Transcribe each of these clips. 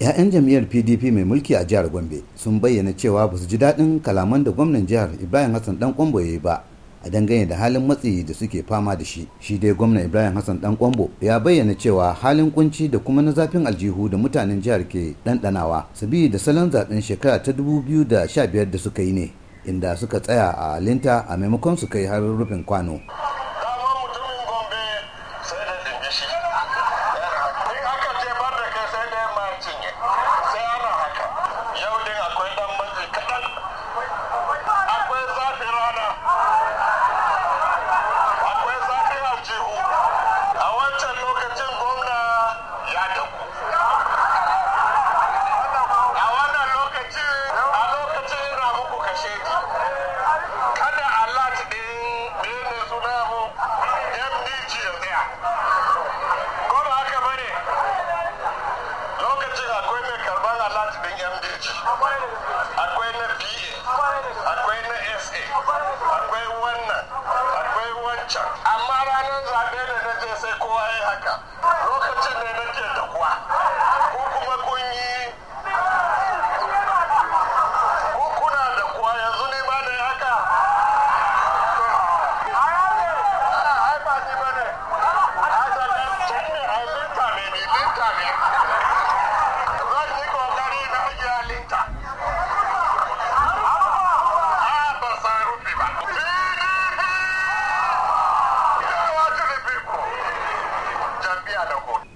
'ya'yan jam'iyyar pdp mai mulki a jihar gombe sun bayyana cewa ba su ji daɗin kalaman da gwamnan jihar ibrahim hassan dan kwambo ya yi ba a dangane da halin matsi da suke fama da shi shi dai gwamnan ibrahim hassan dan kwambo ya bayyana cewa halin kunci da kuma na zafin aljihu da mutanen jihar ke ɗanɗanawa su sabida da salon zaɓen shekara ta biyu da sha biyar da suka yi ne inda suka tsaya a linta a maimakon su kai har rufin kwano. Akwai na PA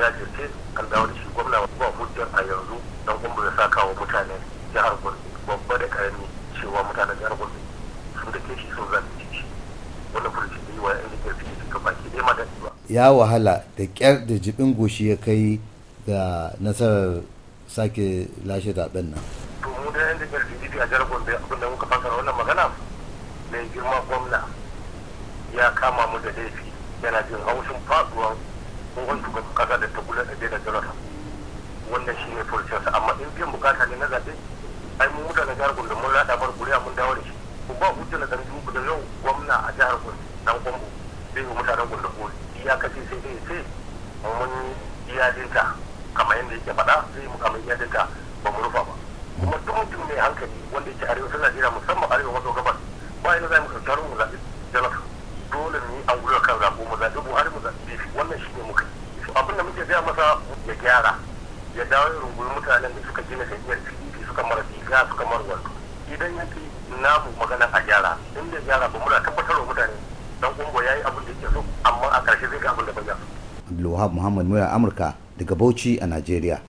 jajirce alƙawarin da shi gwamna ba muddin a yanzu dan kumbu da saka wa mutane jihar gombe babba da karami cewa mutanen jihar gombe sun da ke shi sun zalunci shi wannan furuci da yi wa yan jikin fiye suka baki ɗaya ma daɗi ba. ya wahala da ƙyar da jibin goshi ya kai ga nasarar sake lashe zaɓen nan. to mu da yan jikin pdp a jihar gombe abinda muka fasara wannan magana mai girma gwamna ya kama mu da laifi yana jin haushin faɗuwan ko wani shugaban kasa da ta kula da da jarasa wannan shi ne furcinsa amma in biyan bukata ne na zaɓe ai mun mutane jihar Gombe mun rada bar kuri'a mun dawo da shi ko ba hujja na zan dubu da yau gwamna a jihar Gombe dan Gombe zai yi mutanen Gombe ko iyakaci sai dai sai mun iyadinta kamar yadda yake faɗa zai mu kamar iyadinta ba mu rufa ba kuma duk mutum mai hankali wanda yake arewacin Najeriya musamman arewa maso gabas ba yana zai mu karkaru mu wannan shi ne muka abin da muke gaya masa ya gyara ya dawo ya mutanen da suka gina jam'iyyar pdp suka mara riga suka mara wato idan ya fi namu magana a gyara in da gyara ba muna tabbatar wa mutane dan kungo yayi yi abin da yake so amma a karshe zai ga abin da ya so. Abdulwahab Muhammad Muya Amurka daga Bauchi a Najeriya.